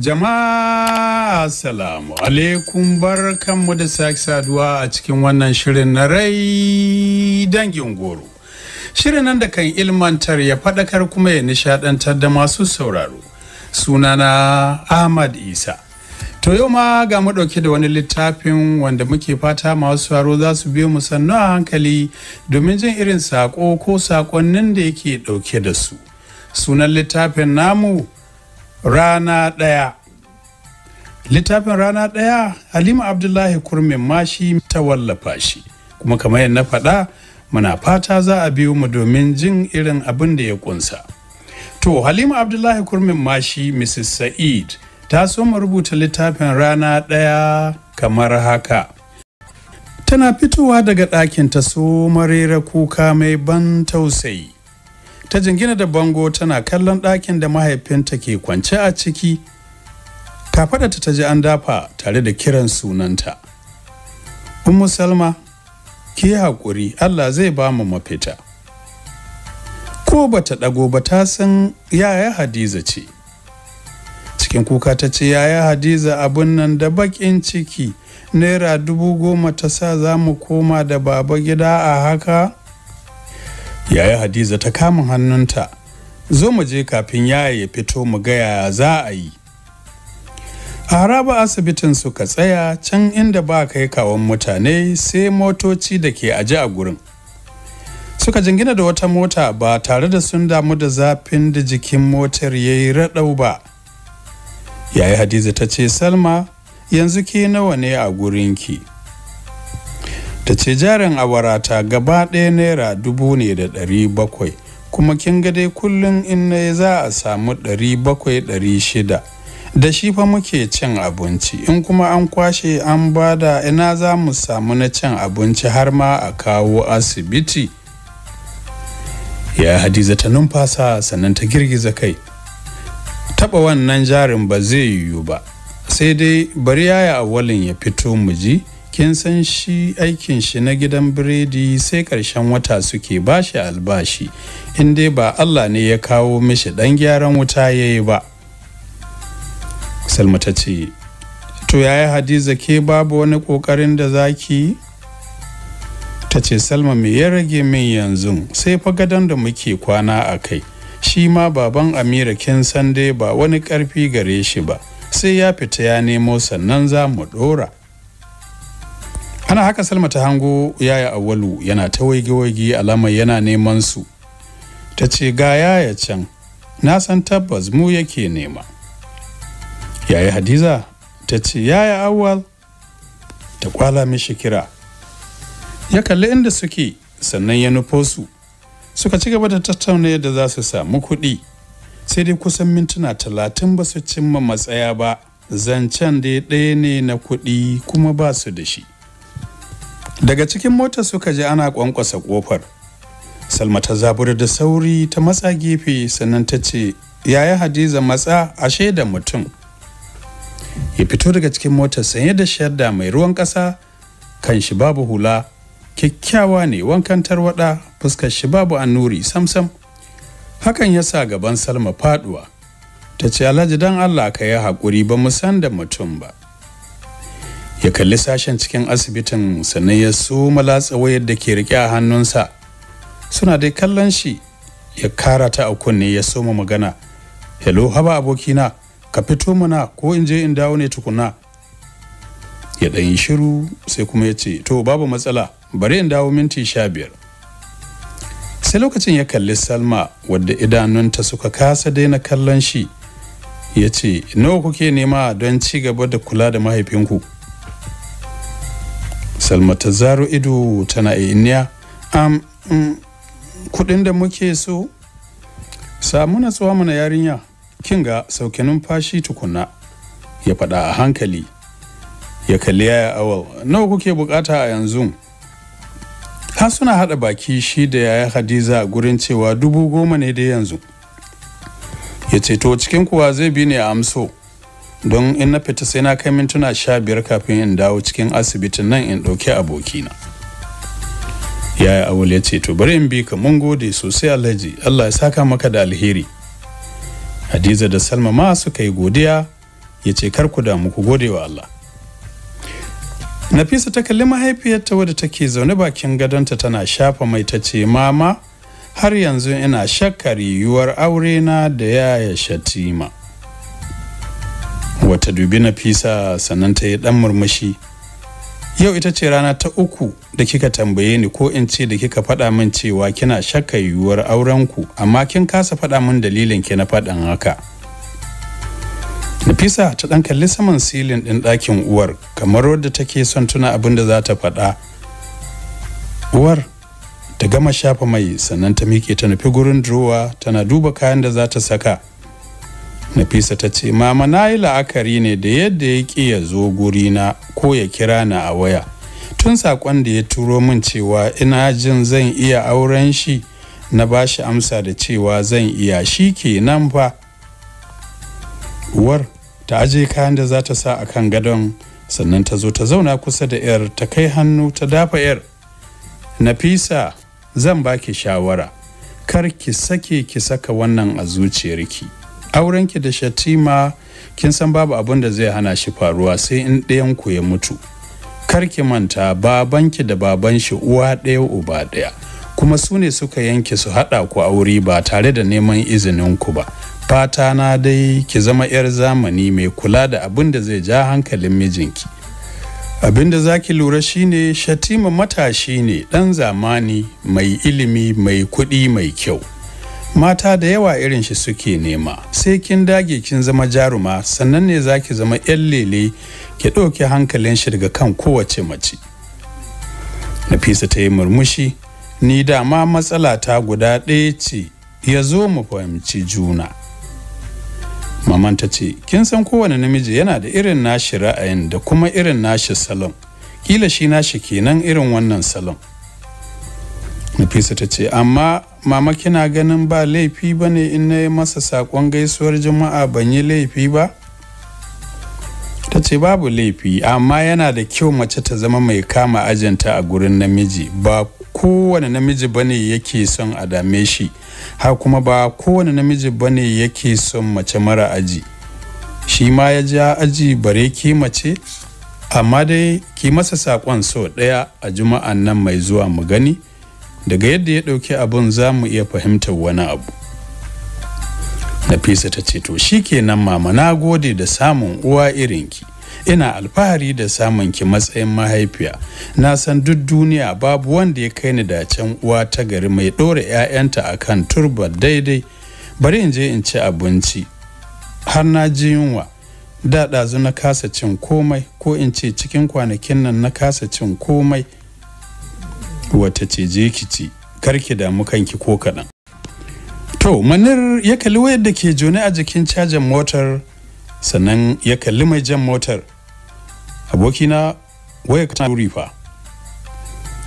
Jama'a Salamu alaikum barkanmu da sake saduwa a cikin wannan shirin na rai dangin goro. Shirin nan da kan ilmantar ya faɗakar kuma ya nishaɗantar da masu sauraro. Sunana Ahmad Isa. To yau ma ga mu ɗauke da wani littafin wanda muke fata masu sauraro za su biyo mu sannu a hankali domin jin irin saƙo ko saƙonnin da yake ɗauke da su. Sunan littafin namu rana ɗaya littafin rana ɗaya halima abdullahi kurmin mashi ta wallafa shi kuma kamar yadda na faɗa muna fata za a biyo mu domin jin irin abin da ya kunsa to halima abdullahi kurmin mashi mrs sa'id ta so mu rubuta littafin rana ɗaya kamar haka tana fitowa daga ɗakin ta so marera kuka mai ban tausayi ta jingina da bango tana kallon ɗakin da mahaifinta ke kwance a ciki kafaɗata ta ji an dafa tare da kiran sunanta ummu salma ki haƙuri allah zai ba mu mafita ko ba ta ɗago ba ta san yaya hadiza ce cikin kuka ta ce yaya hadiza abin nan da baƙin ciki naira dubu goma ta sa za mu koma da baba gida a haka yaya hadiza ta kama hannunta zo mu je kafin yaya ya fito mu ga ya za a yi a haraba asibitin suka tsaya can inda ba kai kawon mutane sai motoci da ke aji a gurin suka jingina da wata mota ba tare da sun damu da zafin da jikin motar ya yi raɗau ba yayi hadiza ta ce salma yanzu ke nawa ne a gurinki ki ta ce jarin awara ta gaba ɗaya naira dubu ne da ɗari bakwai kuma kin ga dai kullum in na za a samu ɗari bakwai ɗari shida da shi fa muke cin abinci in kuma an kwashe an bada ina za mu samu na cin abinci har ma a kawo asibiti ya hadiza ta numfasa sannan ta girgiza kai Taɓa wannan jarin ba zai yiwu ba sai dai bari yaya awalin ya fito mu ji kin san shi aikin shi na gidan biredi sai ƙarshen wata suke bashi albashi in dai ba Allah ne ya kawo mishi ɗan gyaran wuta ya yi ba salma ta ce to yaya hadiza ke babu wani ƙoƙarin da zaki ta ce salma me ya rage min yanzu sai fa gadon da muke kwana a kai shi ma baban amira kin san dai ba wani karfi gare shi ba sai ya fita ya nemo sannan za mu ɗora ana haka salma ta hango yaya awalu yana ta waige-waige alamar yana neman su ta ce ga yaya can na san tabbas mu yake nema yaya hadiza ta ce yaya awal ta kwala mishi kira ya kalli inda suke sannan ya nufo su suka ci gaba da tattauna yadda za su samu kuɗi sai dai kusan mintuna talatin ba su cimma matsaya ba zancen ya ɗaya ne na kuɗi kuma ba su da shi daga cikin mota suka je ana kwankwasa kofar salma ta zaburi da sauri ta matsa gefe sannan ta ce yaya hadiza matsa a da mutum ya fito daga cikin mota sanye da shadda mai ruwan ƙasa kan shi babu hula kyakkyawa ne wankan tarwada fuskar shi babu annuri samsam hakan ya sa gaban salma faduwa ta ce alhaji don allah ka yi haƙuri ba mu san da mutum ba ya kalli sashen cikin asibitin sannan ya su malatsa wayar da ke rike a hannunsa suna dai kallon shi ya kara ta a kunne ya soma magana hello haba abokina ka fito mana ko in je in dawo ne tukuna ya ɗan yi shiru sai kuma ya ce to babu matsala bari in dawo minti sha biyar sai lokacin ya kalli salma wadda idanunta suka kasa daina kallon shi ya ce nawa kuke nema don ci gaba da kula da mahaifinku salma ta zaro ido tana iniya am mm, kudin da muke so samu tsawa mana yarinya kin ga sauke numfashi tukunna ya faɗa a hankali ya kalli yaya awal nawa kuke bukata a yanzu Ha suna haɗa baki shi da yaya hadiza a gurin cewa dubu goma ne da yanzu ya ce to cikin kuwa zai bi ne a amso don in na fita sai na kai mintuna sha biyar kafin in dawo cikin asibitin nan in ɗauki abokina yaya awul ya ce to bari in bi ka mun gode sosai alhaji allah ya saka maka da alheri hadiza da salma ma suka yi godiya ya ce kar ku damu ku gode wa allah nafisa ta kalli mahaifiyarta wadda take zaune bakin gadonta tana shafa mai ta ce mama har yanzu ina shakkar yiwuwar aure na da yaya shatima wata dubi na fisa sannan ta yi dan murmushi yau ita ce rana ta uku da kika tambaye ni ko in ce da kika faɗa min cewa kina shakka yiwuwar aurenku amma kin kasa faɗa min dalilin ki na faɗin haka Nafisa ta ɗan kalli saman silin ɗin ɗakin uwar kamar wadda take son tuna abin da za ta faɗa uwar ta gama shafa mai sannan ta miƙe ta nufi gurin durowa tana duba kayan da za ta saka nafisa ta ce mama na yi la'akari ne da yadda ya ƙi ya zo guri na ko ya kira na a waya tun saƙon da ya turo min cewa ina jin zan iya auren shi na ba shi amsa da cewa zan iya shi ke nan fa uwar ta aje kayan da za ta sa a kan gadon sannan ta zo ta zauna kusa da 'yar ta kai hannu ta dafa 'yar nafisa zan baki shawara kar ki sake ki saka wannan a zuciyarki aurenki da shatima kin san babu abin da zai hana shi faruwa sai in ɗayan ku ya mutu kar ki manta babanki da baban shi uwa ɗaya uba ɗaya kuma su ne suka yanke su haɗa ku aure ba tare da neman izinin ku ba fata na dai ki zama 'yar zamani mai kula da abin da zai ja hankalin mijinki abin da za lura shine shatima matashi ne ɗan zamani mai ilimi mai kuɗi mai kyau mata da yawa irin shi suke nema sai kin dage kin zama jaruma sannan ne zaki zama 'yan lele ki ɗauki hankalin shi daga kan kowace mace nafisa ta yi murmushi ni dama matsala ta guda ɗaya ce ya zo mu fahimci juna maman ta ce kin san kowane namiji yana da irin nashi ra'ayin da kuma irin nashi salon kila shi nashi kenan irin wannan salon nafisa ta ce amma mama kina ganin ba laifi ba ne in na yi masa saƙon gaisuwar juma'a ban yi laifi ba ta ce babu laifi amma yana da kyau mace ta zama mai kama ajinta a gurin namiji ba kowane namiji bane yake son a dame shi ha kuma ba kowane namiji bane yake son mace mara aji shi ma ya ja aji bare ki mace amma dai ki masa saƙon sau ɗaya a juma'an nan mai zuwa mu gani daga yadda ya ɗauki abun za mu iya fahimtar wani abu nafisa ta ce to shi shikenan mama na gode da samun uwa irinki ina alfahari da samun ki matsayin mahaifiya na san duk duniya babu wanda ya kai ni da uwa ta gari mai ɗora 'ya'yanta a kan turba daidai bari in je in ci abinci har na ji yunwa da ɗazu na kasa cin komai ko in ce cikin kwanakin nan na kasa cin komai wata ce je ki ci karki damu kanki ko kaɗan to manir ya kalli wayar da ke jone a jikin cajin motar sannan ya kalli mai jan motar abokina wayar ta wuri fa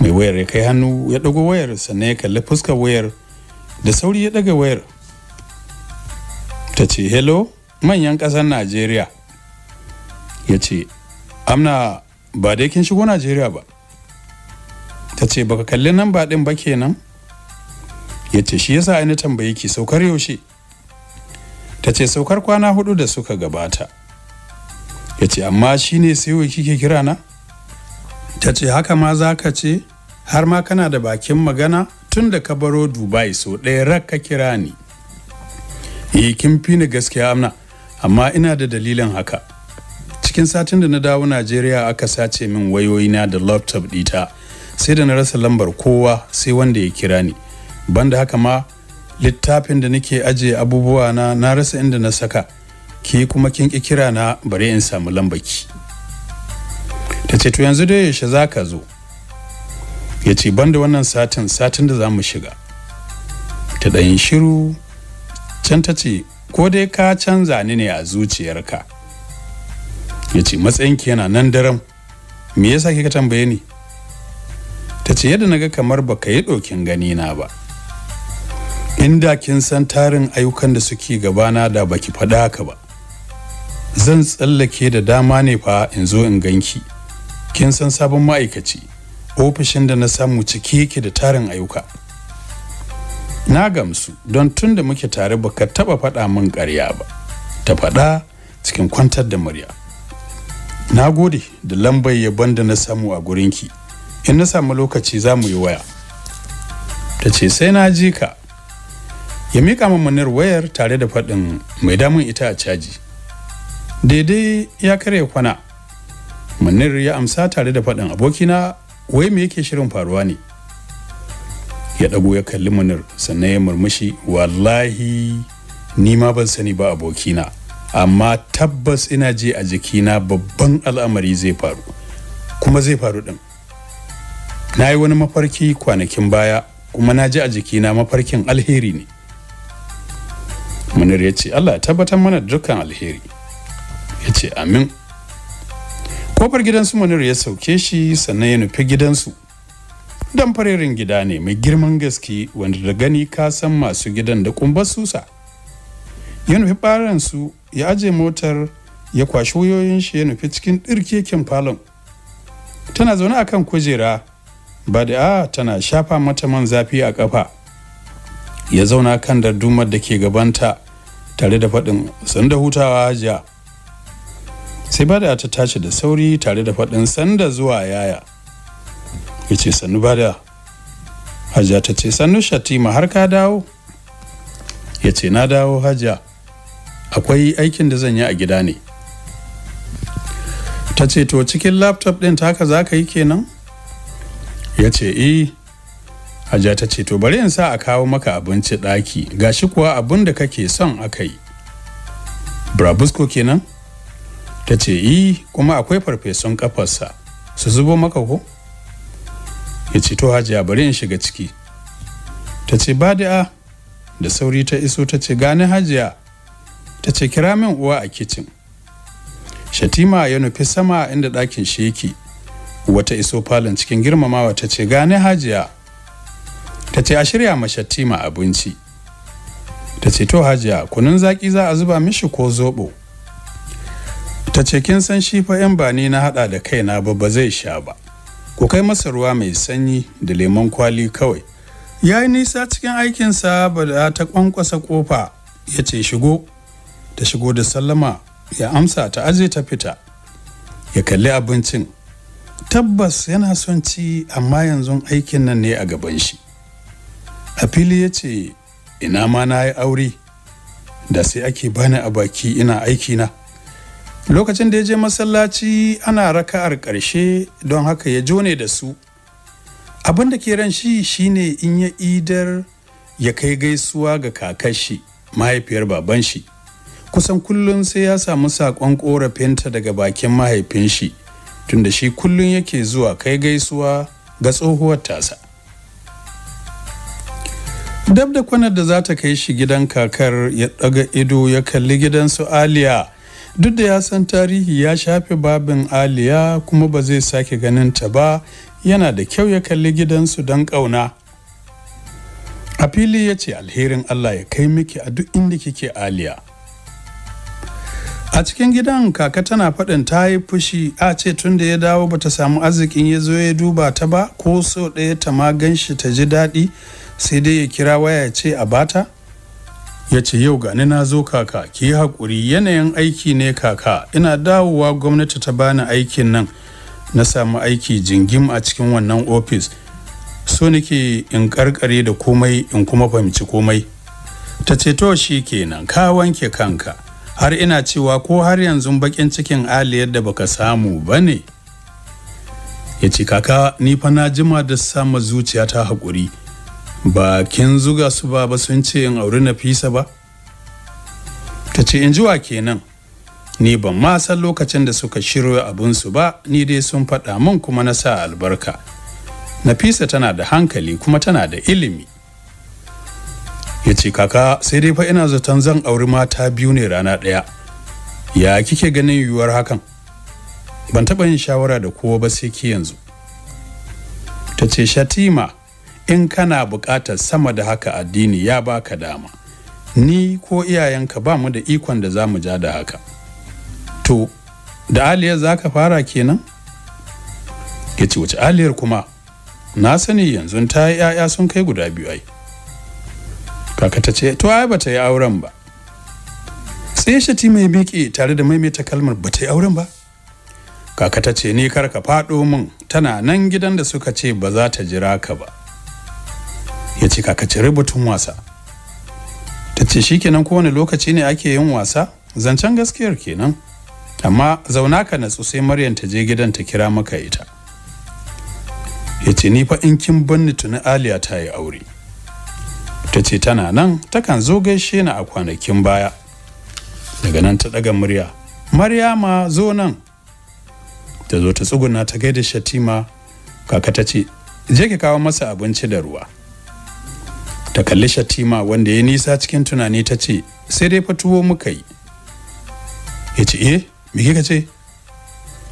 mai wayar ya kai hannu ya ɗago wayar sannan ya kalli fuskar wayar da sauri ya daga wayar ta ce hello manyan kasar najeriya ya ce amna ba dai kin shigo najeriya ba ta ce baka kalli nan ba din ba kenan ya ce shi yasa ainihin tambayi ki saukar yaushe ta ce saukar kwana hudu da suka gabata ya ce amma shi ne sai kike kira na ta ce haka ma za ka ce har ma kana da bakin magana tun da ka baro dubai so ɗaya rak ka kira ni yi eh, kin fi ni gaskiya amna amma ina da dalilin haka cikin satin da na dawo najeriya aka sace min wayoyina da laptop ɗita sai da na rasa lambar kowa sai wanda ya kira ni banda haka ma littafin da nake ajiye abubuwa na na rasa inda na saka ki kuma kin ki kira na bare in samu lambaki ta ce to yanzu dai yaushe za ka zo ya ce banda wannan satin satin da za mu shiga ta ɗayin shiru can ta ce ko dai ka canza ni ne a zuciyarka ya ce matsayinki yana nan daren. me yasa kika tambaye ni ta ce yadda naga kamar baka yi ɗokin gani na ba inda kin san tarin ayyukan da suke gabana da baki faɗa haka ba zan tsallake da dama ne fa in zo in ganki kin san sabon ma'aikaci ofishin da na samu cike yake da tarin ayyuka na gamsu don tun da muke tare baka taba faɗa min ƙarya ba ta faɗa cikin kwantar da murya na gode da lambar yabon da na samu a gurinki in na samu lokaci za mu yi waya ta ce sai na ji ka ya miƙa min manar wayar tare da faɗin mai damun ita a caji daidai ya karya kwana manar ya amsa tare da faɗin abokina wai me yake shirin faruwa ne ya ɗago ya kalli manar sannan ya murmushi wallahi ni ma ban sani ba abokina amma tabbas ina je a jikina babban al'amari zai faru kuma zai faru ɗin na yi wani mafarki kwanakin baya kuma na ji a jikina mafarkin alheri ne munir ya ce allah tabbatar mana dukkan alheri ya ce amin kofar gidansu munir ya sauke shi sannan ya nufi gidansu dan farerin gida ne mai girman gaske wanda da gani ka san masu gidan da kumbar susa ya nufi ɓaran su ya aje motar ya kwashi wayoyin shi ya nufi cikin ɗirkeken falon tana zaune akan kujera bada ah, tana shafa mata man zafi a kafa ya zauna kan dardumar da ke gabanta tare da faɗin sun da hutawa hajiya sai bada ta tashi da sauri tare da faɗin sanda zuwa yaya ya ce sannu bada hajiya ta ce sannu shatima har ka dawo ya ce na dawo hajiya akwai aikin da zan yi a gida ne ta ce to cikin laptop ɗin ta haka za yi kenan ya ce e hajiya ta ce to bari in sa a kawo maka abinci ɗaki gashi kuwa abin da kake son aka yi brabusco kenan ta ce yi eh, kuma akwai farfesun kafarsa su zubo maka ko ya ce to hajiya bari in shiga ciki ta ce ba da sauri ta iso ta ce gani hajiya ta ce kira min uwa a kicin shatima ya nufi sama inda ɗakin shi yake wata iso falon cikin girmamawa ta ce gane hajiya ta ce a shirya ma abinci ta ce to hajiya kunun zaki za a zuba mishi ko zobo ta ce kin san shi fa yan bani na hada da kaina ba ba zai sha ba ku kai masa ruwa mai sanyi da lemon kwali kawai ya yi nisa cikin aikinsa ba da ta kwankwasa kofa ya ce shigo ta shigo da sallama ya amsa ta aje ta fita ya kalli abincin tabbas yana son ci amma yanzu aikin nan ne a gaban shi a fili ya ce ina ma na yi aure da sai ake bani a baki ina aikina. lokacin da ya je masallaci ana raka'ar ƙarshe don haka ya jone da su abin da ke ran shi shine in ya idar ya kai gaisuwa ga kakashi mahaifiyar baban shi kusan kullum sai ya samu saƙon ƙorafinta daga bakin mahaifin shi tunda shi kullum yake zuwa kai gaisuwa ga tsohuwar tasa dab da kwanar da za ta kai shi gidan kakar ya daga ido ya kalli gidan su aliya duk da ya san tarihi ya shafe babin aliya kuma ba zai sake ganin ta ba yana da kyau ya kalli gidansu don ƙauna a fili ya ce alherin allah ya kai miki a duk inda kike aliya a cikin gidan kaka tana faɗin ta yi fushi a ce tun da ya dawo bata samu arzikin ya zo ya duba ta ba ko so ɗaya ta ma ganshi ta ji daɗi sai dai ya kira waya ya ce a bata ya ce yau gani na zo kaka ki yi haƙuri yanayin aiki ne kaka ina dawowa gwamnati ta bani aikin nan na samu aiki jingim a cikin wannan ofis so nake in karkare da komai in kuma fahimci komai ta ce to shi kenan ka wanke kanka har ina cewa ko har yanzu bakin cikin ali yadda baka samu ba ne ya ce kaka ni fa na jima da sama zuciya ta haƙuri ba kin zuga su ba ba sun ce in auri nafisa ba ta ce in jiwa kenan ni ban ma san lokacin da suka abun su ba ni dai sun faɗa min kuma na sa albarka nafisa tana da hankali kuma tana da ilimi ya ce kaka sai dai fa ina zaton zan auri mata biyu ne rana ɗaya ya kike ganin yiwuwar hakan ban taɓa yin shawara da kowa ba sai ki yanzu ta ce shatima in kana buƙatar sama da haka addini ya baka dama ni ko iyayenka ba mu da ikon da za mu ja da haka to da aliyar za ka fara kenan ya ce wace aliyar kuma na sani yanzu ta yi 'ya'ya sun kai guda biyu ai kaka ta ce to ai bata yi auren ba sai shati mai miƙe tare da maimaita kalmar bata yi auren ba kaka ta ce ni kar ka faɗo min tana nan gidan da suka ce ba za ta jira ka ba ya ce kaka ci batun wasa ta ce shi kenan kowane lokaci ne ake yin wasa zancen gaskiyar kenan amma zauna ka natsu sai maryam ta je gidan ta kira maka ita ya ce ni fa in kin banni tuni aliya ta yi aure ta ce tana nan takan zo gaishe ni a kwanakin baya daga nan ta daga murya maryama zo nan ta zo ta tsuguna ta gaida shatima kaka ta ce je ki kawo masa abinci da ruwa ta kalli shatima wanda ya nisa cikin tunani ta ce sai dai fatuwo muka yi ya ce eh me kika ce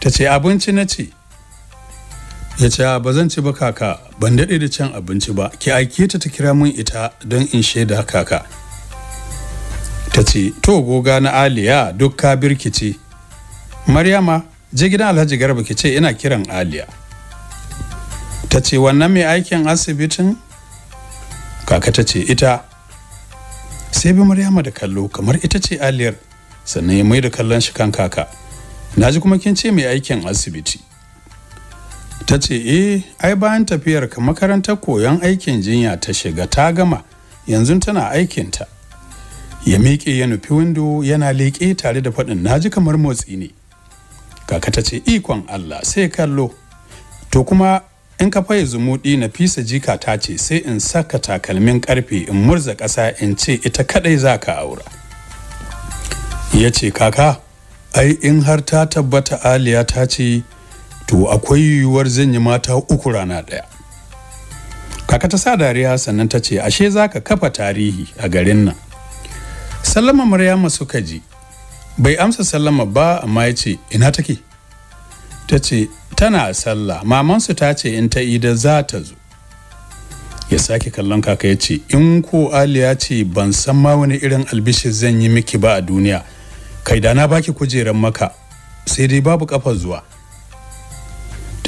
ta ce abinci na ce ya ce ba zan ci ba kaka ban daɗe da cin abinci ba ki aike ta ta kira min ita don in shaida kaka ta ce to goga na aliya duk ka birkice maryama je gidan alhaji garba ki ce ina kiran aliya ta ce wannan mai aikin asibitin kaka ta ce ita sai bi maryama da kallo kamar ita ce aliyar sannan ya mai da kallon shi kan kaka na ji kuma kin ce mai aikin asibiti ta ce eh ai bayan tafiyar ka makarantar koyon aikin jinya ta shiga ta gama yanzu tana aikin ta ya miƙe ya nufi windo yana leƙe tare da faɗin naji kamar motsi ne kaka ta ce ikon allah sai kallo to kuma in ka faye zumuɗi na fisa jika ta ce sai in saka takalmin ƙarfe in murza ƙasa in ce ita kaɗai za ka aura ya ce kaka ai in har ta tabbata aliya ta ce to akwai yiwuwar zan yi mata uku rana ɗaya kaka ta sa dariya sannan ta ce ashe za ka kafa tarihi a garin nan sallama maryama suka ji bai amsa sallama ba amma ya ce ina take ta ce tana sallah mamansu ta ce in ta ida za ta zo ya sake kallon kaka ya ce in ko ali ce ban san ma wani irin albishir zan yi miki ba a duniya kai da na baki kujerar maka sai dai babu kafa zuwa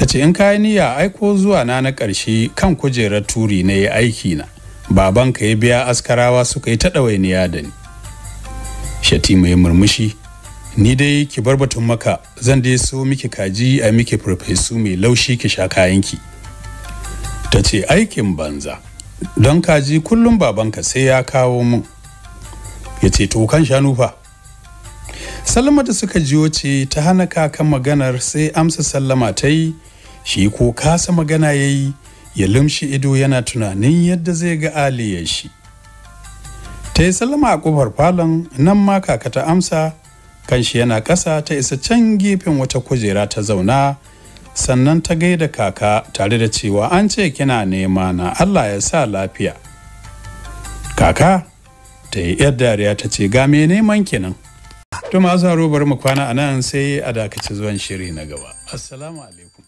ce in kayi niyya aiko zuwa na na ƙarshe kan kujerar turi na ya aiki na babanka ya biya askarawa suka yi ta ɗawainiya da ni Shati mai murmushi ni dai ki bar batun maka zan dai so miki kaji a miki farfesu mai laushi ki sha kayanki ta ce aikin banza don kaji kullum babanka sai ya kawo mun ya ce to kan shanu fa sallama da suka jiyo ce ta hana kakan maganar sai amsa sallama ta yi shi ko kasa magana ya yi ya lumshi ido yana tunanin yadda zai ga aliyar shi ta yi salama a kofar falon nan ma kaka ta amsa shi yana ƙasa ta isa can gefen wata kujera ta zauna sannan ta gaida kaka tare da cewa an ce kina nema na allah ya sa lafiya kaka ta yi yar dariya ta ce ga me neman kenan to masu haro bari mu kwana a nan sai a dakaci zuwan shiri na gaba assalamu alaikum